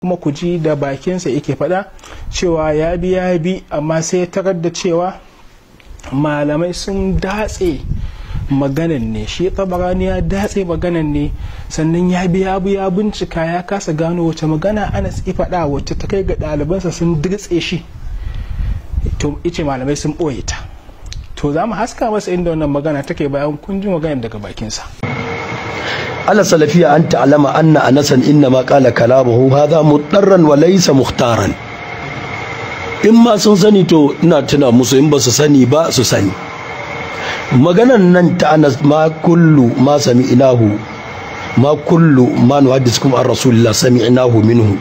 kuma ku ji da bakinsa yake faɗa cewa ya bi ya bi amma sai tarar da cewa malamai sun datse maganan ne shi tabarani ya datse maganan ne sannan ya bi ya bi ya bincika ya kasa gano wace magana ana tsi faɗa wacce ta kai ga ɗalibansa sun dirtse shi to ice malamai sun ɓoye ta to za mu haska masa inda wannan magana take bayan kun ji maganar daga bakinsa. ala salafiya an ta'alama anna anasan inna ma qala kalamuhu hadha mutarran wa laysa mukhtaran in ma sun sani to ina tuna musu in ba su sani ba su sani maganan nan ta anas ma kullu ma sami'nahu ma kullu ma nuhaddisukum an rasulillah sami'nahu minhu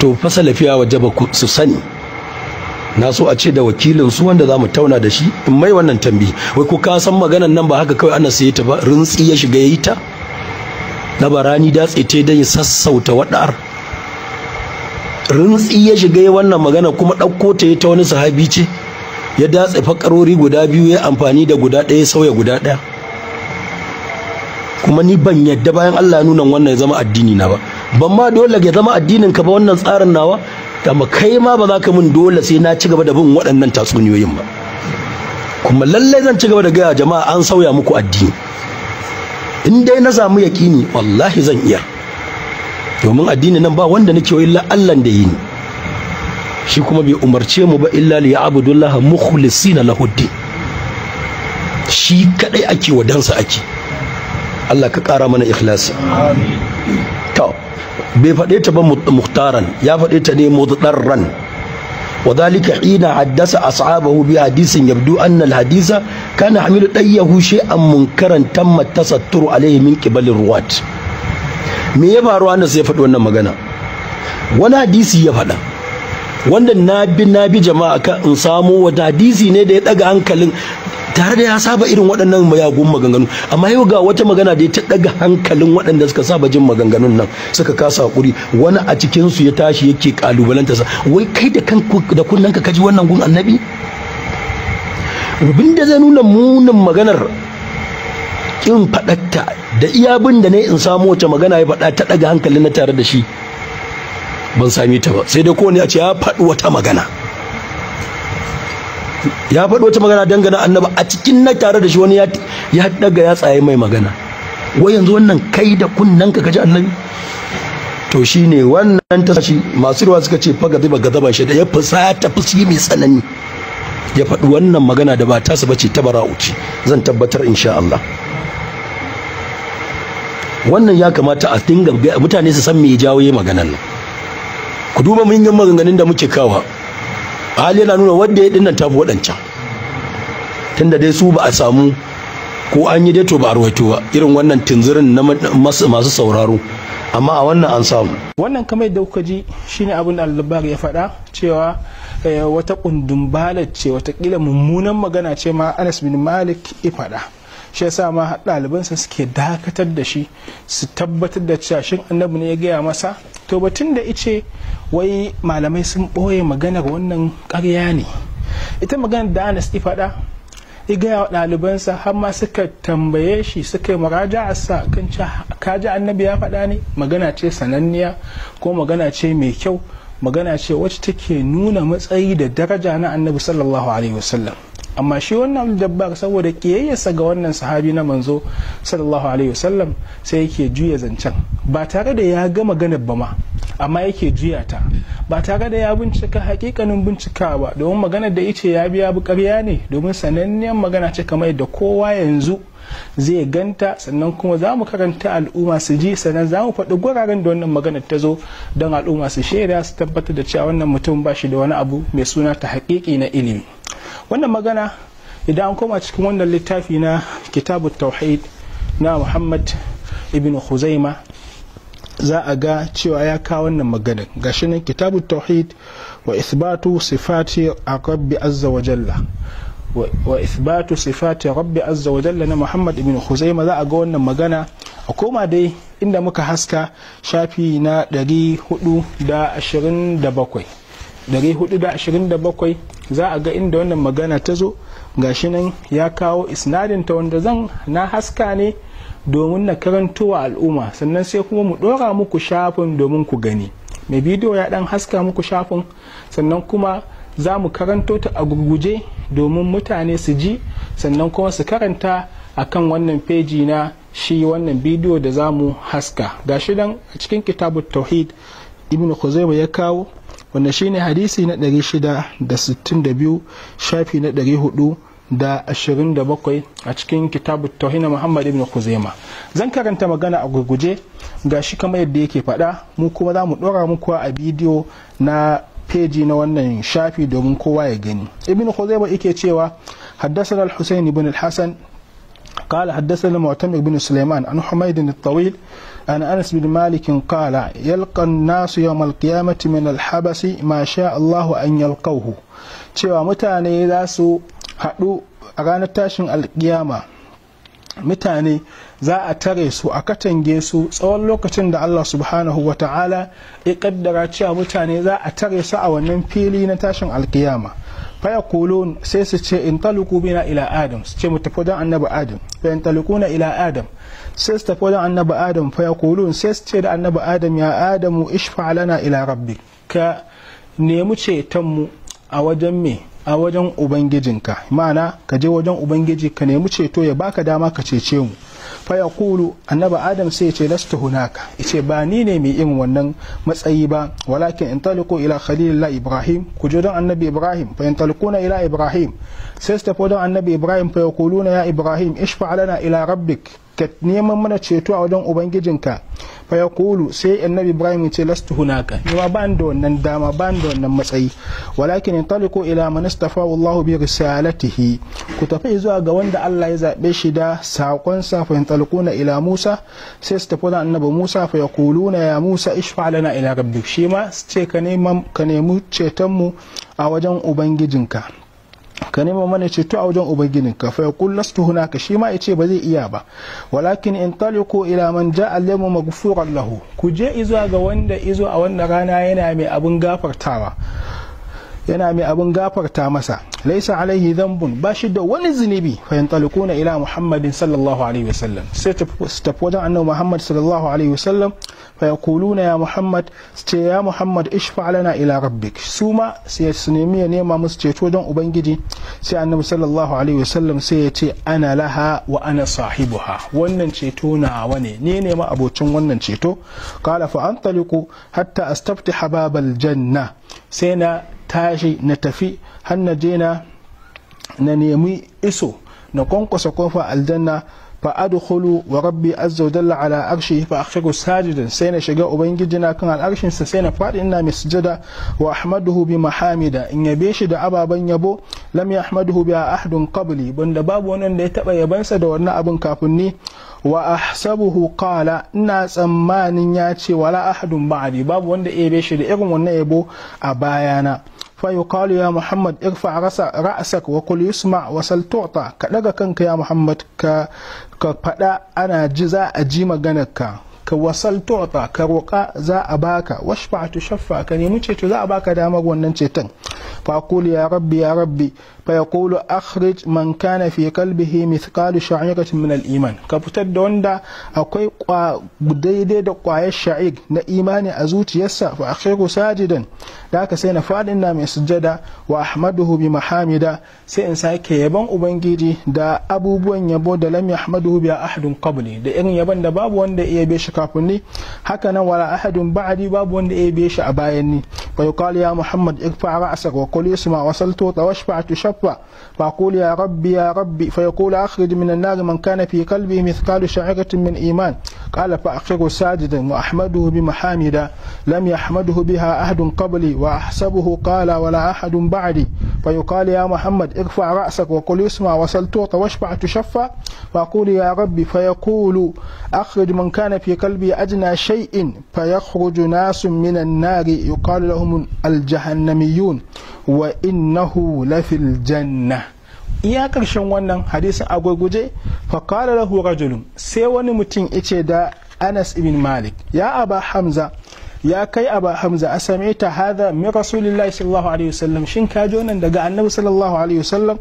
to fa salafiya wajaba su sani na so a ce da wakilin su wanda za mu tauna da shi in mai wannan tambi wai ku ka san maganan nan ba haka kawai ana sai ta ba rintsi ya shiga yayi ta Na barani datse ta dan ya sassauta wadar rintsi ya shiga wannan magana kuma ɗauko ta ta wani sahabi ce ya datse fakarori guda biyu ya amfani da guda ɗaya sauya guda ɗaya kuma ni ban yadda bayan Allah ya nuna wannan ya zama addini na ba ban ma dole ya zama addinin ka ba wannan tsarin nawa amma kai ma ba za ka min dole sai na ci gaba da bin waɗannan tatsuniyoyin ba kuma lallai zan ci gaba da gaya jama'a an sauya muku addini in dai na samu yaƙini wallahi zan iya domin addini nan ba wanda nake illa Allah da yi ni shi kuma bai umarce mu ba illa li ya'budullaha mukhlisina lahu shi kadai ake wa ake Allah ka kara mana ikhlasi to bai fade ta ba muhtaran ya fade ta ne mudarran وذلك حين حدث أصحابه بحديث يبدو أن hadisa. kana hamilu ɗayyahu shay'an munkaran tamma tasatturu alaihi min qibalir ruwat me ya faru sai ya faɗi wannan magana wani hadisi ya faɗa wanda na bi na bi jama'a kan in samo wata hadisi ne da ya ɗaga hankalin tare da ya saba irin waɗannan mayagun maganganu amma yau ga wata magana da ya ta daga hankalin waɗanda suka saba jin maganganun nan suka kasa hakuri wani a cikinsu ya tashi yake kalubalanta sa wai kai da kan da ka kaji wannan gun annabi abin da zai nuna munin maganar kin faɗatta da iya bin da ne in samu wace magana ya faɗa ta ɗaga hankali na tare da shi ban sami ta ba sai dai kowane ya ce ya faɗi wata magana ya faɗi wata magana dangane annaba a cikin na tare da shi wani ya ɗaga ya tsaye mai magana wai yanzu wannan kai da kunnen ka kaji annabi to shine wannan ta shi masu ruwa suka ce fa gadaba gadaban shi da ya fusata fusi mai tsanani ya faɗi wannan magana da ba ta su bace ta bara'uci zan tabbatar insha Allah wannan ya kamata a dinga mutane su san me ya jawo yayin maganar nan ku duba mun manyan maganganun da muke kawa hali yana nuna wanda ya dinnan tafi waɗancan tunda dai su ba a samu ko an yi dai to ba a ruwaito ba irin wannan tunzirin na masu sauraro amma a wannan an samu wannan kamar da kuka ji shine abin da al ya faɗa cewa eh, wata kundumbalar ce watakila mummunan magana ce ma Anas bin Malik ya faɗa shi yasa ma ɗalibansa suke dakatar da shi su tabbatar da cewa shin annabi ne ya gaya masa to batun da ice wai malamai sun ɓoye maganar wannan ƙarya ne ita maganar da Anas ya faɗa ya gaya wa ɗalibansa har ma suka tambaye shi suka yi muraja sa kan kaji annabi ya faɗa ne magana ce sananniya ko magana ce mai kyau magana ce wacce take nuna matsayi da daraja na annabi sallallahu alaihi wasallam amma shi wannan dabbar saboda kiyayyarsa ga wannan sahabi na manzo sallallahu alaihi wasallam sai yake juya zancen ba tare da ya ga maganar ba ma amma yake juya ta ba tare da ya bincika hakikanin bincika ba domin maganar da ice ya biya bukarya ne domin sananniyar magana ce kamar yadda kowa yanzu zai ganta sannan kuma za mu karanta al'umma su ji sannan za mu faɗi guraren da wannan maganar ta zo don al'umma su shaida su tabbatar da cewa wannan mutum ba shi da wani abu mai suna ta haƙiƙi na ilimi wannan magana idan an koma cikin wannan littafi na kitabu tauhid na muhammad ibn huzaima za a ga cewa ya kawo wannan maganin gashi nan kitabu tauhid wa isbatu sifati rabbi azza wa jalla wa isbatu sifati rabbi azza wa jalla na muhammad ibn huzaima za a ga wannan magana a koma dai inda muka haska shafi na 427 za a ga inda wannan magana ta zo gashi nan ya kawo isnadinta wanda zan na haska ne domin na karanto wa al'umma sannan sai kuma mu ɗora muku shafin domin ku gani mai bidiyo ya ɗan haska muku shafin sannan kuma za mu karanto ta a gurguje domin mutane su ji sannan kuma su karanta a kan wannan feji na shi wannan bidiyo da za mu haska gashi nan a cikin kitabu tauhid ibn khuzaima ya kawo wanda shine hadisi na 662 shafi na da 427 a cikin kitabu tauhina muhammad ibn kuzema zan karanta magana a gurguje ga shi kamar yadda yake faɗa mu kuma za mu ɗora muku a bidiyo na peji na wannan shafi domin kowa ya gani ibn kuzema yake cewa haddasa al-husayn ibn al-hasan قال حدثنا معتمر بن سليمان عن حميد الطويل عن أنس بن مالك قال يلقى الناس يوم القيامة من الحبس ما شاء الله أن يلقوه cewa mutane za su haɗu a ranar tashin alkiyama mutane za a tare su a katange su tsawon lokacin da Allah subhanahu wa ta'ala ya kaddara cewa mutane za a tare su a wannan fili na tashin alkiyama faya kolon sai su ce in taluku bina ila adam su ce mu tafi don annabi adam fa in na ila adam sai su tafi don annabi adam kolon sai su ce da annabi adam ya adamu ishfa lana ila rabbi ka nemi cetonmu a wajen me a wajen ubangijinka ma'ana ka je wajen ubangiji ka nemi ceto ya baka dama ka cece mu fa ya kulu annaba adam sai ya ce lasta hunaka ce ba ni ne mai irin wannan matsayi ba walakin in taliko ila khalilillah ibrahim ku je don annabi ibrahim fa in talikuna ila ibrahim sai su tafi don annabi ibrahim fa ya kulu na ya ibrahim ishfa alana ila rabbik ka neman mana ceto a wajen ubangijinka fa ya kulu sai annabi ibrahim ce lastu hunaka ni ba ban da wannan dama ban da wannan matsayi walakin intaliku ila man istafa wallahu bi risalatihi ku tafi zuwa ga wanda Allah ya zabe shi da sakon sa fa na ila musa sai su tafi annabi musa fa ya kuluna ya musa ishfa lana ila rabbik shi ma ce ka neman ka nemi ceton mu a wajen ubangijinka ka nema mana ceto a wajen ubangijin ka fa yaqul lastu hunaka shi ma yace ba zai iya ba walakin in taliqu ila man ja'a lamu maghfuran lahu ku je izo ga wanda izo a wannan rana yana mai abun gafartawa yana mai abin gafarta masa laisa alaihi zambun ba shi da wani zunubi fa na ila muhammadin sallallahu alaihi wasallam sai ta tafi wajen annabi muhammad sallallahu alaihi wasallam fa yaquluna ya muhammad su ce ya muhammad ishfa lana ila rabbik su ma sai su nemi ya nema musu ceto don ubangiji sai annabi sallallahu alaihi wasallam sai ya ce ana laha wa ana sahibuha wannan ceto nawa wane ne ne ma abocin wannan ceto kala fa taliku hatta astaftiha babal janna sai na tashi na tafi har na je na na nemi iso na kwankwasa kofa aljanna fa adkhulu wa rabbi azza wa jalla ala arshi fa akhshiru sajidan sai na shiga ubangijina kan al'arshin sa sai na fadi ina mai sujada wa ahmaduhu bi mahamida in yabe shi da ababen yabo lam yahmaduhu bi ahadun qabli banda babu wannan da ya taba yabansa da wannan abin kafin ni wa ahsabuhu qala ina tsammanin ya ce wala ahadun ba'di babu wanda ya yabe shi da irin wannan yabo a bayana فيقال يا محمد ارفع رأسك وقل يسمع وسل تعطى كدغ كنك يا محمد كفدا أنا جزاء جيم جنك ka wasal tu'ta ka roƙa za a baka washfa shaffa ka nemi ceto za a baka damar wannan ceton fa aqulu ya rabbi ya rabbi fa yaqulu akhrij man kana fi qalbihi mithqalu sha'iratin min al-iman ka fitar da wanda akwai daidai da kwayar sha'ir na imani a zuciyarsa fa akhiru sajidan da ka sai na fadin na mai sujjada wa ahmaduhu bi mahamida sai in sake yaban ubangiji da abubuwan yabo da lam yahmaduhu bi ahadin qabli da irin yaban da babu wanda iya bai shi kafin ni haka nan wala ahadun ba'adi babu wanda ya biye shi a bayan ni fa yuqalu ya muhammad ikfa ra'sak wa qul isma wa saltu wa shfa tushfa fa qul ya rabbi ya rabbi fa yaqulu akhrij min an-nar man kana fi qalbi mithqalu sha'iratin min iman qala fa akhiru sajidan wa ahmaduhu bi mahamida lam yahmaduhu biha ahadun qabli wa ahsabuhu qala wala ahadun ba'adi فيقال يا محمد ارفع رأسك وقل يسمع وسلتوط واشفع تشفع وأقول يا ربي فيقول أخرج من كان في قلبي أدنى شيء فيخرج ناس من النار يقال لهم الجهنميون وإنه لفي الجنة iya ƙarshen wannan hadisin a gurguje faƙalar lahu rajulun sai wani mutum ice da anas ibn malik ya aba hamza ya kai aba hamza a same ta hadha min rasulillahi sallallahu alaihi wasallam shin ka ji wannan daga annabi sallallahu alaihi wasallam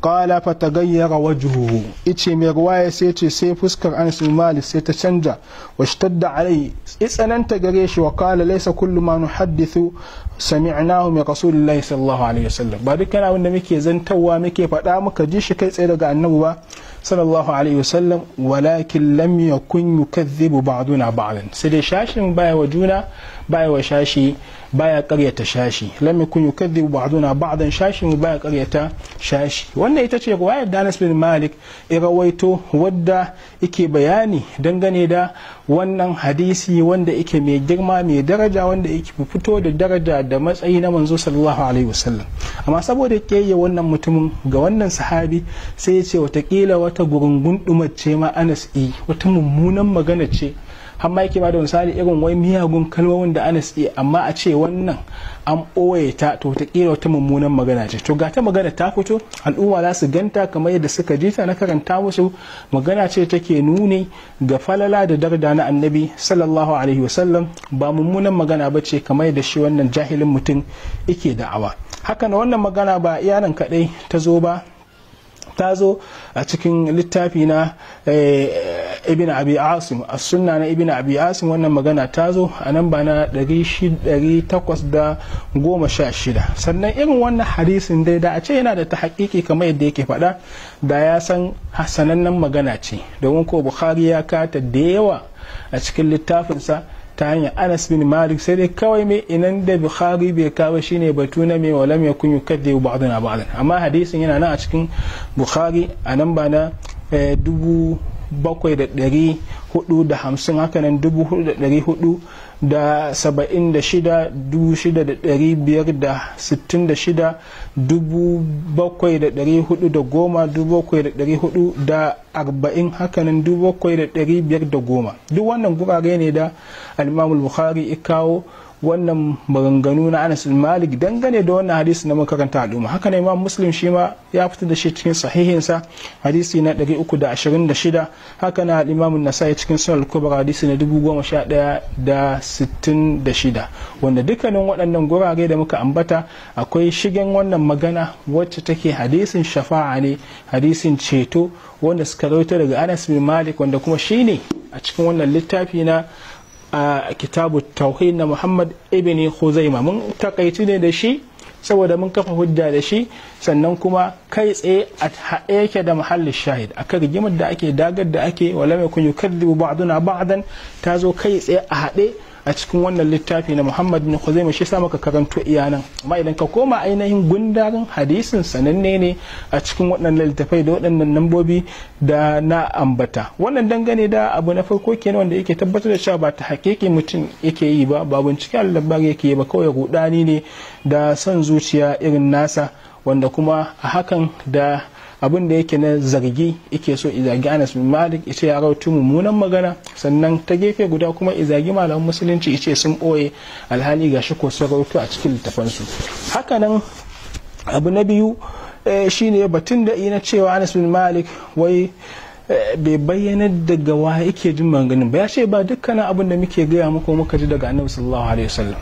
qala fa tagayyara wajhuhu ice mai ruwaya sai ce sai fuskar Anas bin Malik sai ta canja washtadda alai itsananta gare shi wa qala laysa kullu ma nuhaddithu sami'nahu min rasulillahi sallallahu alaihi wasallam ba dukkan abin da muke zantawa muke faɗa muka ji shi kai tsaye daga annabi ba sallallahu alaihi wasallam walakin lam yakun yukadhibu ba'duna ba'dan sai dai shashin baya wa juna baya wa shashi baya karyata shashi lam yakun yukadhibu ba'duna ba'dan shashin baya karyata shashi wannan ita ce ruwayar da Anas bin Malik ya rawaito wadda yake bayani dangane da wannan hadisi wanda yake mai girma mai daraja wanda yake fito da daraja da matsayi na manzo sallallahu alaihi wasallam amma saboda kiyayya wannan mutumin ga wannan sahabi sai ya ce watakila wata gurungun dumace ma Anas yi eh, wata mummunan magana ce har ma yake ba da misali irin wai miyagun kalmomin da anas iya amma a ce wannan an ɓoye ta to ta ƙira wata mummunan magana ce to ga ta magana ta fito al'umma za su ganta kamar yadda suka ji ta na karanta musu magana ce take nuni ga falala da darda na annabi sallallahu alaihi wasallam ba mummunan magana ba ce kamar yadda shi wannan jahilin mutum yake da'awa haka na wannan magana ba iya nan kaɗai ta zo ba ta zo a cikin littafi na eh, ibn abi asim a sunna na ibn abi asim wannan magana ta zo a nan ba na 816 sannan irin wannan hadisin dai da a ce yana da ta hakiki kamar yadda yake faɗa da ya san sanannen magana ce domin ko bukhari ya kata da yawa a cikin littafinsa ta hanyar anas bin malik sai dai kawai mai inan da bukhari bai kawo shine batu na mai walam ya kunyu yukadde ba'dana ba'dan amma hadisin yana nan a cikin bukhari a nan ba na eh, dubu bakwai da ɗari hudu da hamsin hakanan dubu hudu da ɗari hudu da saba'in da shida dubu shida da ɗari biyar da sittin da shida dubu bakwai da ɗari hudu da goma dubu bakwai da ɗari hudu da arba'in hakanan dubu bakwai da ɗari biyar da goma duk wannan gurare ne da alimamul bukhari ya kawo wannan maganganu na Anas Malik dangane da wannan hadisi na makaranta al'umma haka ne Imam Muslim shi ma ya fitar da shi cikin sahihinsa hadisi na 326 haka na Imam Nasa'i cikin Sunan Kubra hadisi na 1166 wanda dukkanin waɗannan gurare da muka ambata akwai shigen wannan magana wacce take hadisin shafa'a ne hadisin ceto wanda suka rawaito daga Anas bin Malik wanda kuma shi ne a cikin wannan littafi na a kitabu tauhid na muhammad ibn khuzaima mun takaici ne da shi saboda mun kafa hujja da shi sannan kuma kai tsaye a haɗe yake da muhallin shahid a kai rigimar da ake dagar da ake wala mai yi yukaddibu ba'duna ba'dan ta zo kai tsaye a haɗe a cikin wannan littafi na muhammad bin ma shi sa maka karanto iyanan amma idan ka koma ainihin gundarin hadisin sananne ne a cikin waɗannan littafai da waɗannan nambobi da na ambata wannan dangane da abu na farko kenan wanda yake tabbatar da cewa ba ta hakiki mutum yake yi ba ba bincike al-labari yake yi ba kawai rudani ne da son zuciya irin nasa wanda kuma a hakan da abin da yake na zargi yake so izagi anas bin malik ita ya rawatu mummunan magana sannan ta gefe guda kuma izagi malamin musulunci ce sun ɓoye alhali gashi ko sun rawatu a cikin littafansu hakanan abu na biyu eh, shine batun da na cewa anas bin malik wai eh, bai bayyana daga wa yake jin maganin ba ya ce ba dukkanin abin da muke gaya muku muka ji daga annabi sallallahu alaihi wasallam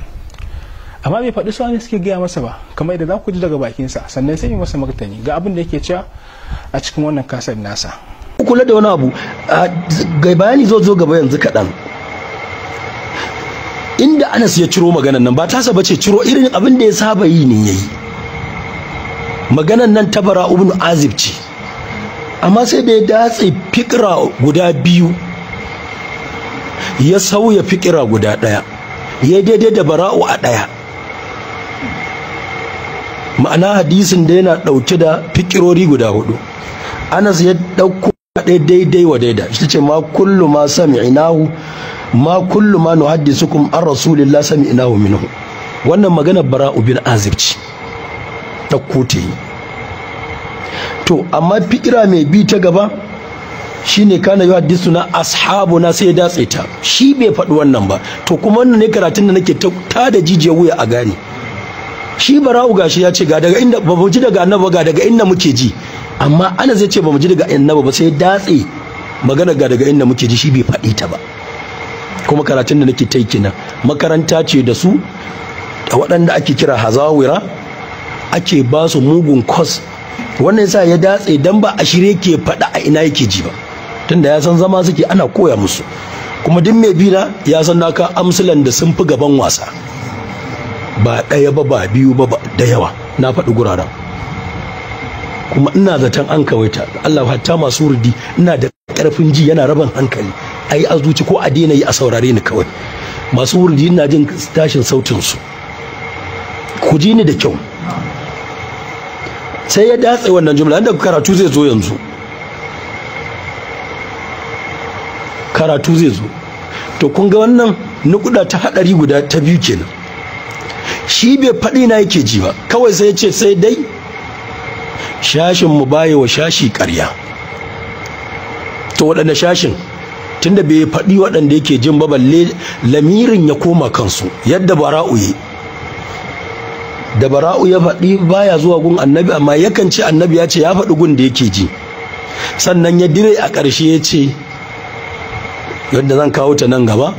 amma bai faɗi suwa suke gaya masa ba kamar da za ku ji daga bakinsa sannan sai masa martani ga abin da yake cewa a cikin wannan kasar nasa kula da wani abu ga bayani zo zo gaba yanzu kaɗan inda anas ya ciro maganan nan ba ta tasa ce ciro irin abin da ya saba yi ne yayi maganan nan ta bara ibn azib ce amma sai da ya datse fikira guda biyu ya sauya fikira guda ɗaya ya daidai da bara'u a ɗaya ma'ana hadisin da yana ɗauke da fikirori guda hudu anas ya ɗauko daidai wa daida shi ce ma kullu ma sami'inahu ma kullu ma nuhaddisukum an rasulillah sami'inahu minhu wannan magana bara'u bin azib ce ta kote to amma fikira mai bi ta gaba shine kana yi hadisu na ashabu na sai ya datse ta shi bai faɗi wannan ba to kuma wannan ne karatun da nake ta da jijiyar wuya a gane shi bara'u gashi ya ce ga daga inda ba ji daga annabi ga daga inda muke ji amma ana zai ce ba mu ji daga annabi ba sai datse magana ga daga inda muke ji shi bai faɗi ta ba kuma karatun da nake ta kenan makaranta ce da su da waɗanda ake kira hazawira ake ba su mugun kos. wannan sa ya datse dan ba a shirye ke faɗa a ina yake ji ba tunda ya san zama suke ana koya musu kuma duk mai na ya san naka amsulan da sun fi gaban wasa ba ɗaya ba ba biyu ba da yawa na faɗi guraren kuma ina zaton an kawaita Allah hatta masu rudi ina da ƙarfin ji yana rabin hankali a yi azuci ko a daina yi a saurare ni kawai masu wurdi ina jin tashin sautin su ku ji ni da kyau sai ya datse wannan jumla inda karatu zai zo yanzu karatu zai zo to kun ga wannan nukuda ta hadari guda ta biyu kenan shi bai faɗi na yake ji ba kawai sai ce sai dai shashin mu baye wa shashi ƙarya to waɗanda shashin tunda bai faɗi waɗanda yake jin ba balle lamirin ya koma kansu yadda bara'u yi da bara'u ya faɗi baya zuwa gun annabi amma yakan ce annabi ya ce ya faɗi gun da yake ji sannan ya dire a ƙarshe ya ce yadda zan kawo ta nan gaba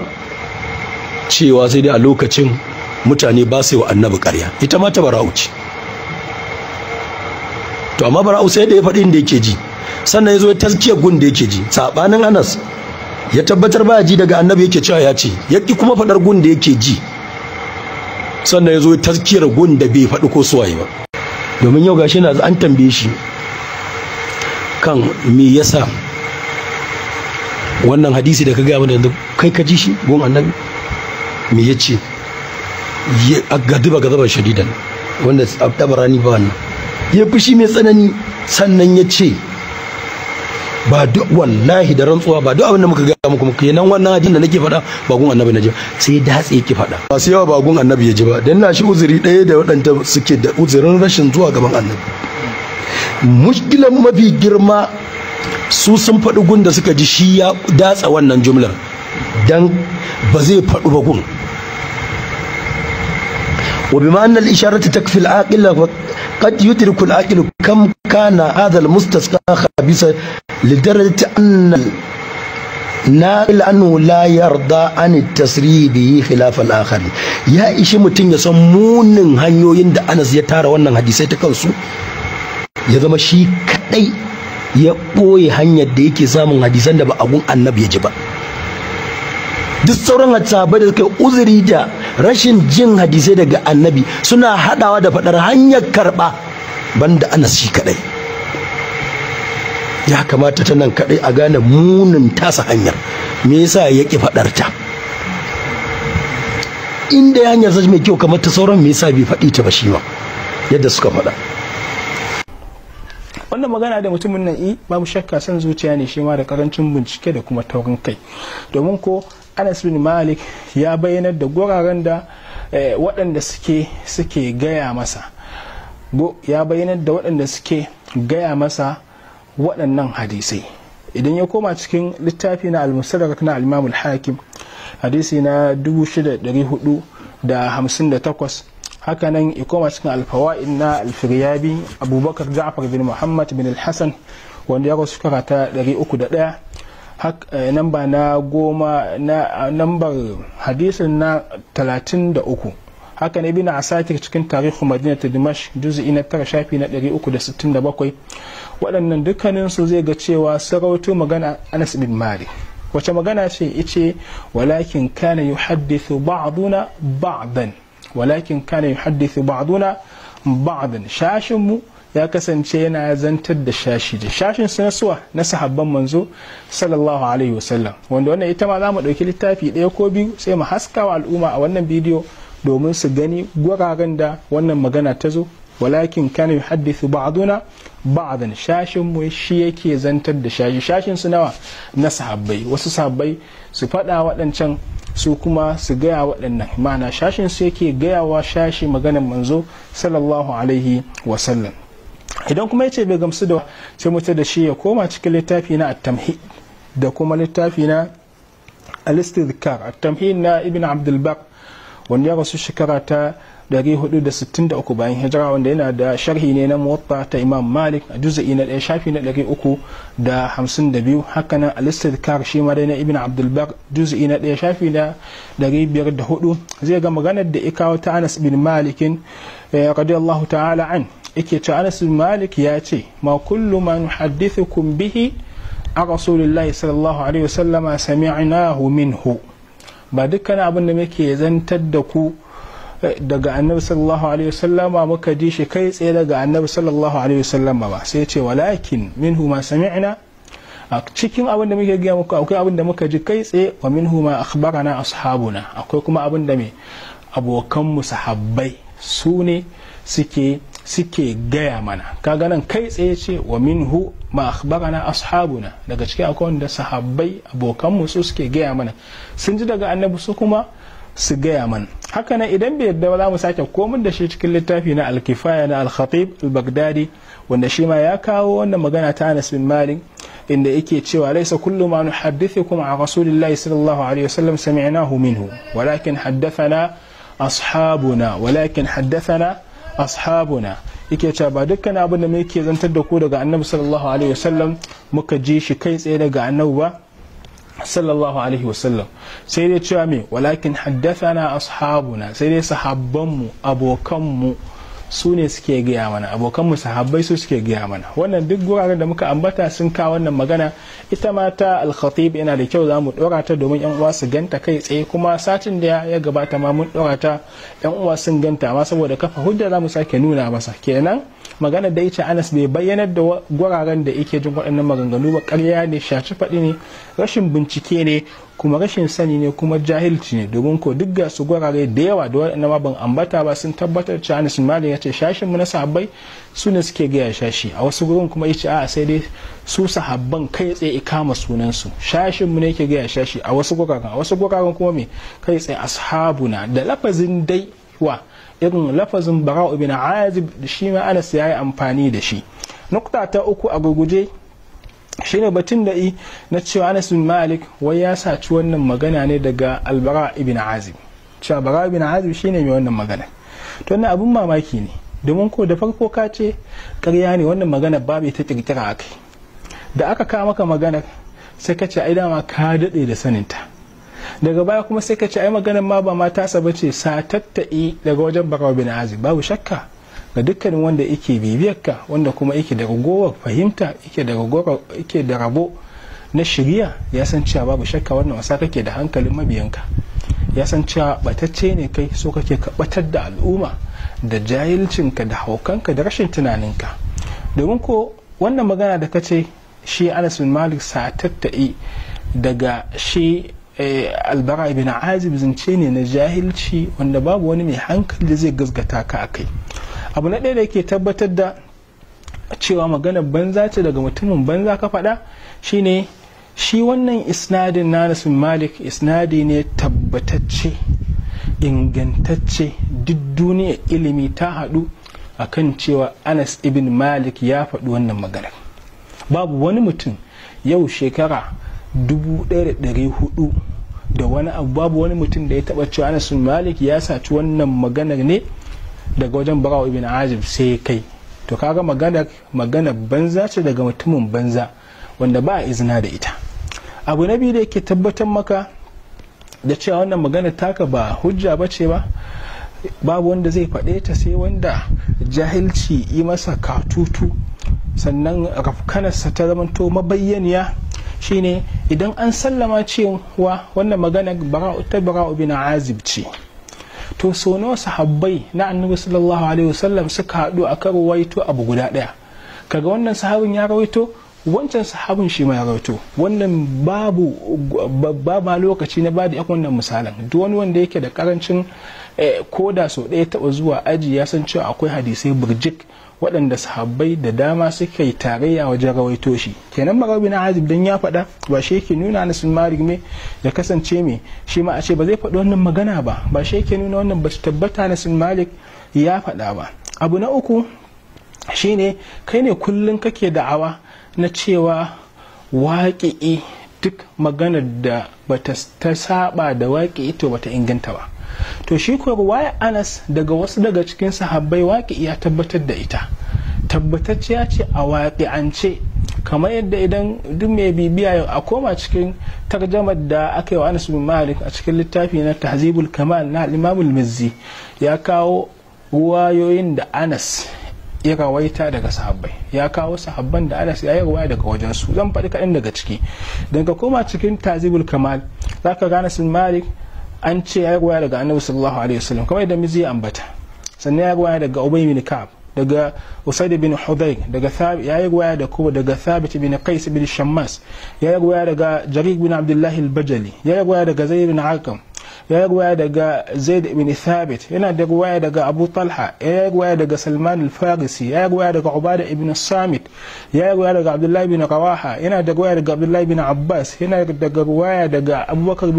cewa sai dai a lokacin mutane ba su yi wa annabi ƙarya ita ma ta bara'u ce to amma bara'u sai da ya faɗi inda yake ji sannan ya zo ya tazkiya gun da yake ji saɓanin anas ya tabbatar ya ji daga annabi yake cewa ya ce ya ƙi kuma faɗar gun da yake ji sannan ya zo ya tazkiyar gun da bai faɗi ko suwaye ba domin yau gashi na an tambaye shi kan me yasa wannan hadisi da ka gaya mana yanzu kai ka ji shi gun annabi me ya ce gaduba gadaba shadidan wanda tabarani ba wannan ya fushi mai tsanani sannan ya ce ba duk wallahi da rantsuwa ba duk abin da muka ga muku kenan wannan hadin da nake faɗa ba gun annabi na ji sai datse yake faɗa ba sai yawa ba gun annabi ya ji ba dan na shi uzuri ɗaya da waɗanda suke da uzurin rashin zuwa gaban annabi mushkilan mafi girma su sun faɗi gun da suka ji shi ya datsa wannan jumlar dan ba zai faɗi ba gun وبما أن الإشارة تكفي العاقل قد يدرك العاقل كم كان هذا المستسقى خبيثا لدرجة na naƙil annu la yarda an tasri bihi khilaf al-akhar ya ishi mutum ya san munin hanyoyin da Anas ya tara wannan hadisai ta kansu ya zama shi kadai ya ɓoye hanyar da yake samun hadisan da ba a gun annabi ya ji ba duk sauran hadisai da suka uzuri da rashin jin hadisai daga annabi suna hadawa da fadar hanyar karba banda anas shi kadai ya kamata ta nan kadai a gane munin tasa hanyar me yasa ya ki fadar ta inda ya hanyar mai kyau kamar ta sauran me yasa bai faɗi ta ba shi ma yadda suka faɗa wannan magana da mutumin nan i babu shakka san zuciya ne shi ma da karancin bincike da kuma taurin kai domin ko anas bin malik ya bayyanar da guraren da eh, waɗanda suke suke gaya masa ya bayyanar da waɗanda suke gaya masa waɗannan hadisai idan ya koma cikin littafi na almusarar na alimamul hakim hadisi na 6458 hakanan ya koma cikin alfawa'in na alfiryabi abubakar ja'far bin muhammad bin alhassan wanda ya rasu shekara ta 301 Eh, namba na goma na eh, nambar hadisin na uku haka ne bina asakir cikin tarihu madina ta dimash juzi na tara shafi na uku da da sittin bakwai. waɗannan dukkaninsu zai ga cewa sarautu magana anas bin mari wace magana ce ice walakin kana yuhaddithu ba'aduna ba'dan walakin kana yuhaddithu ba'duna ba'dan shashin mu ya kasance yana zantar da shashi da shashin su nasuwa na sahabban manzo sallallahu alaihi wasallam wanda wannan ita ma za mu ɗauki littafi ɗaya ko biyu sai mu haska wa al'umma a wannan bidiyo domin su gani guraren da wannan magana ta zo walakin kana yuhaddithu ba'duna ba'dan shashin mu shi yake zantar da shashi shashin su nawa na sahabbai wasu sahabbai su faɗa waɗancan su kuma su gaya waɗannan ma'ana shashin su yake gayawa shashi maganar manzo sallallahu alaihi wasallam idan kuma ya ce bai gamsu da sai mutu da shi ya koma cikin littafi na attamhi da kuma littafi na alistizkar attamhi tamhid na ibn abdul wanda ya rasu shekara ta 463 bayan hijira wanda yana da sharhi ne na muwatta ta imam malik a juz'i na ɗaya shafi na 352 haka nan shi ma dai na ibn abdul bar na ɗaya shafi na 504 zai ga maganar da ikawa ta anas bin malikin eh, radiyallahu ta'ala an yake ce Anas bin Malik ya ce ma kullu ma nuhaddithukum bihi a Rasulullahi sallallahu alaihi sami'nahu minhu ba dukkan abin da muke zantar da ku eh, daga annabi sallallahu alaihi wasallama muka ji shi kai tsaye daga annabi sallallahu alaihi ba sai ce walakin minhu ma sami'na a cikin abin da muke gaya muku akwai abin da muka ji kai tsaye wa minhu ma akhbarana ashabuna akwai kuma abin da me abokan mu sahabbai su ne suke suke gaya mana kaga nan kai tsaye ce wa minhu ma akhbarana ashabuna daga cikin akwai wanda sahabbai abokan mu su suke gaya mana sun ji daga annabi su kuma su gaya mana haka nan idan bai yadda za mu sake komin da shi cikin littafi na alkifaya na al-khatib al-baghdadi wanda shi ma ya kawo wanda magana ta Anas bin Malik inda yake cewa laisa kullu ma nuhaddithukum a rasulillahi sallallahu alaihi wasallam sami'nahu minhu walakin haddathana ashabuna walakin haddathana ashabuna yake cewa ba dukkan abin da muke zantar da ku daga annabi sallallahu alaihi wasallam muka ji shi kai tsaye daga annabi ba sallallahu alaihi wasallam sai dai cewa me walakin haddathana ashabuna sai dai sahabbanmu abokanmu su ne suke gaya mana abokan mu sahabbai su suke gaya mana wannan duk guraren da muka ambata sun ka wannan magana ita ma ta al-khatib yana da kyau zamu dora ta domin yan uwa su ganta kai tsaye kuma satin da ya gabata ma mun dora ta yan uwa sun ganta ma saboda kafa hujja zamu sake nuna masa kenan magana da yace Anas bai bayyanar da guraren da yake jin waɗannan maganganu ba ƙarya ne shaci faɗi ne rashin bincike ne kuma rashin sani ne kuma jahilci ne domin ko duk ga su gurare da yawa da waɗannan ma ban ambata ba sun tabbatar cewa Anas Malik yace shashin mu na sahabbai su ne suke gaya shashi a wasu gurin kuma yace a'a sai dai su sahabban kai tsaye ikama sunan su shashin mu ne yake gaya shashi a wasu guraren a wasu guraren kuma me kai tsaye ashabuna da lafazin dai wa irin lafazin bara'u bin azib da shi ma anas ya yi amfani da shi nukta ta uku a gurguje shine batun da na cewa anas bin malik wai ya saci wannan magana ne daga albara ibn azib cewa bara ibn azib shine mai wannan magana to wannan abun mamaki ne domin ko da farko ka ce karya ne wannan magana ba ta kirkira akai da aka kawo maka maganar sai ka ce ai dama ka daɗe da saninta daga baya kuma sai ka ce ai maganar ma ba matasa bace ce satatta'i daga wajen barawa bin azi babu shakka ga dukkanin wanda yake ka wanda kuma yake da ragowar fahimta yake da rabo na shirya ya san cewa babu shakka wannan wasa kake da hankalin mabiyanka ya san cewa batacce ne kai so kake ka batar da al'umma da jahilcinka da haukanka da rashin tunaninka domin ko wannan magana da kace shi anas bin malik satatta'i daga shi Eh, albara bin azib zance ne na jahilci wanda babu wani mai hankali zai gasgata ka kai abu na ɗaya da yake tabbatar da cewa magana banza ce daga mutumin banza ka faɗa shine shi wannan isnadin na nasu malik isnadi ne tabbatacce ingantacce duk duniya ilimi ta haɗu akan cewa anas ibn malik ya faɗi wannan magana babu wani mutum yau shekara 1400 da wani abu babu wani mutum da ya taba cewa sun malik ya saci wannan maganar ne daga wajen barawa ibn azib sai kai to kaga maganar maganar banza ce daga mutumin banza wanda ba a izina da ita abu na biyu da yake tabbatar maka da cewa wannan magana taka ba hujja ba ce ba babu wanda zai faɗe ta sai wanda jahilci yi masa katutu sannan rafkanarsa ta zamanto mabayyaniya shine idan an sallama cewa wannan magana ta bara'u bin azib ce to so nawa sahabbai na annabi sallallahu alaihi wasallam suka haɗu a kan rawaito abu guda ɗaya kaga wannan sahabin ya rawaito wancan sahabin shi ma ya rawaito wannan babu babba lokaci na bada akwai wannan misalan duk wani wanda yake da karancin eh, koda so ɗaya taɓa zuwa aji ya san cewa akwai hadisai birjik waɗanda sahabbai da dama suka yi tarayya wajen rawaito shi kenan marabi na azib dan ya faɗa ba shi yake nuna na sun marig me ya kasance mai shi ma a ce ba zai faɗi wannan magana ba ba shi yake nuna wannan ba su tabbata na sun malik ya faɗa ba abu na uku shine kai ne kullum kake da'awa na cewa waƙi'i duk maganar da bata ta saba da waƙi'i to bata inganta ba to shi ko anas daga wasu daga cikin sahabbai waƙi ya tabbatar da ita tabbatacciya ce a waƙi'ance kamar yadda idan duk mai bibiya a koma cikin tarjamar da aka yi wa anas bin malik a cikin littafi na tahzibul kamal na limamul mizzi ya kawo wayoyin da anas ya rawaita daga sahabbai ya kawo sahabban da anas ya yi rawaya daga wajen su zan faɗi kaɗan daga ciki daga koma cikin tazibul kamal za ka gane sun malik an ce ya waya daga annabi sallallahu alaihi wasallam kamar yadda mizi ambata sannan ya ruwaya daga ubay bin ka'ab daga usaid bin hudayr daga thabit ya ruwaya da kuma daga thabit bin qais bin shammas ya ruwaya daga jarir bin abdullah al-bajali ya waya daga zayd bin arqam ya yi daga zaid ibn thabit yana da ruwaya daga abu talha ya yi daga salman al-farisi ya yi daga ubada ibn samit ya yi daga abdullahi bin rawaha yana da ruwaya daga abdullahi bin abbas yana da ruwaya daga abubakar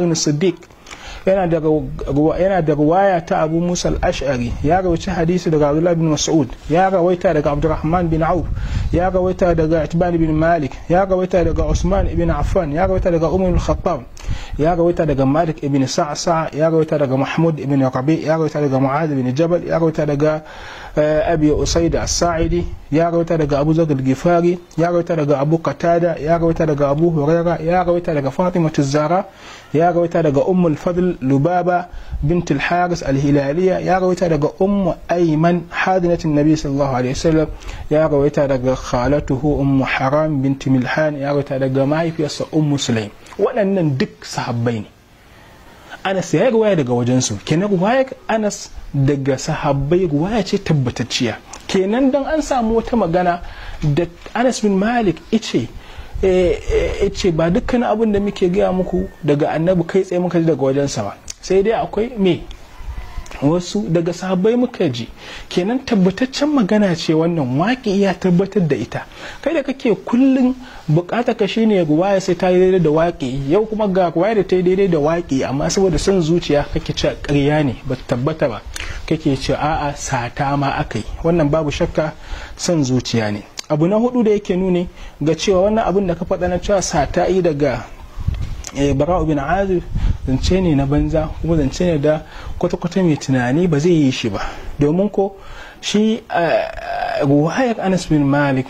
ibn siddiq yana daga yana daga waya ta abu musa al-ash'ari ya rawaita hadisi daga abdullah bin mas'ud ya rawaita daga abdurrahman bin auf ya rawaita daga itban bin malik ya rawaita daga usman ibn affan ya rawaita daga umar al-khattab ya rawaita daga malik ibn sa'sa ya rawaita daga mahmud ibn rabi ya rawaita daga mu'adh bin jabal ya rawaita daga abi Usayd al saidi ya rawaita daga abu zar al-gifari ya rawaita daga abu qatada ya rawaita daga abu Hurairah ya rawaita daga Fatimah az-zahra ya rawaita daga ummul fadl lubaba bint al-haris al-hilaliya ya rawaita daga ummu ayman hadinatin nabi sallallahu alaihi wasallam ya rawaita daga khalatuhu ummu haram bint milhan ya rawaita daga mahaifiyarsa ummu sulaim waɗannan duk sahabbai ne anas ya ruwaya daga wajensu kenan ruwayar anas daga sahabbai waya ce tabbatacciya kenan dan an samu wata magana da anas bin malik ice Eh, eh, ce ba dukkan abin da muke gaya muku daga annabi kai tsaye muka ji daga wajensa ba sai dai akwai me wasu daga sahabbai muka ji kenan tabbataccen magana ce wannan waƙi ya tabbatar da ita kai da kake kullum bukata ka shine waya sai ta daidai da waƙi yau kuma ga waya da ta daidai da waƙi amma saboda son zuciya kake ce ƙarya ne ba tabbata ba kake ce a'a sata ma aka yi wannan babu shakka son zuciya ne abu na hudu da yake nuni ga cewa wannan abin da ka faɗa na cewa sata'i daga eh, bara'u bin azib zance ne na banza kuma zance ne da kwata-kwata mai tunani ba zai yi shi ba domin ko shi eh, ruwayar anas bin malik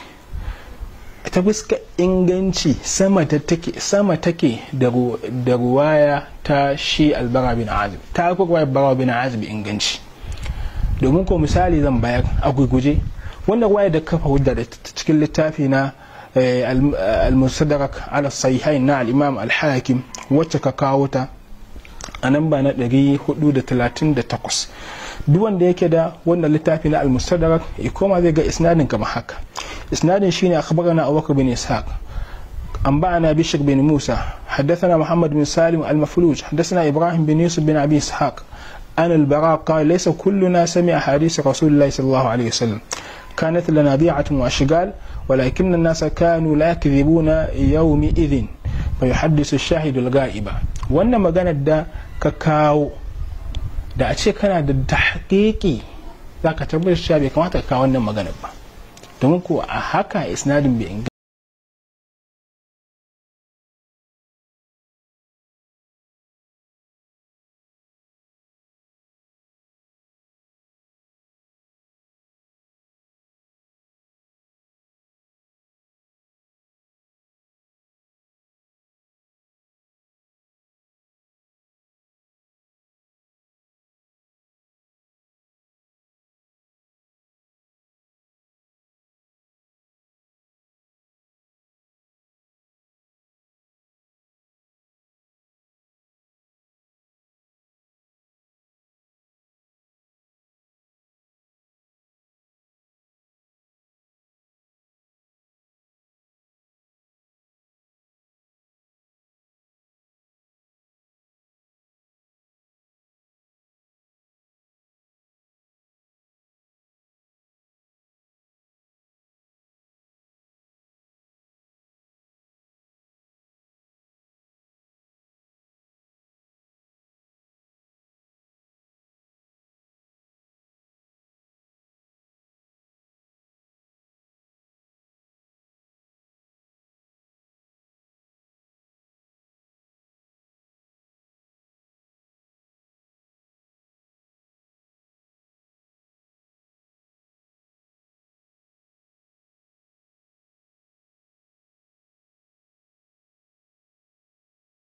ta fuska inganci sama take ke da ruwaya ta shi albara bin azib ta ruwayar bara'u bin azib inganci domin ko misali zan bayar a gurguje wanda waye da kafa da cikin littafi na eh, al-musaddaq ala sahihain na al-imam al-hakim wacce ka kawo ta a nan ba na 438 duk wanda yake da wannan littafi na al-musaddaq koma zai ga isnadin kama haka isnadin shine akhbarana abubakar bin ishaq an ba'ana na bishik bin musa haddathana muhammad bin salim al-mafluj haddathana ibrahim bin yusuf bin abi ishaq an al-bara qala laysa kulluna sami'a hadith rasulullahi sallallahu wasallam كانت لنا بيعة وأشغال ولكن الناس كانوا لا يكذبون يومئذ فيحدث الشاهد الغائب wannan maganar da ka kawo da a ce kana da tahqiqi za ka tabbatar cewa bai kamata ka kawo wannan maganar ba domin ko a haka isnadin bai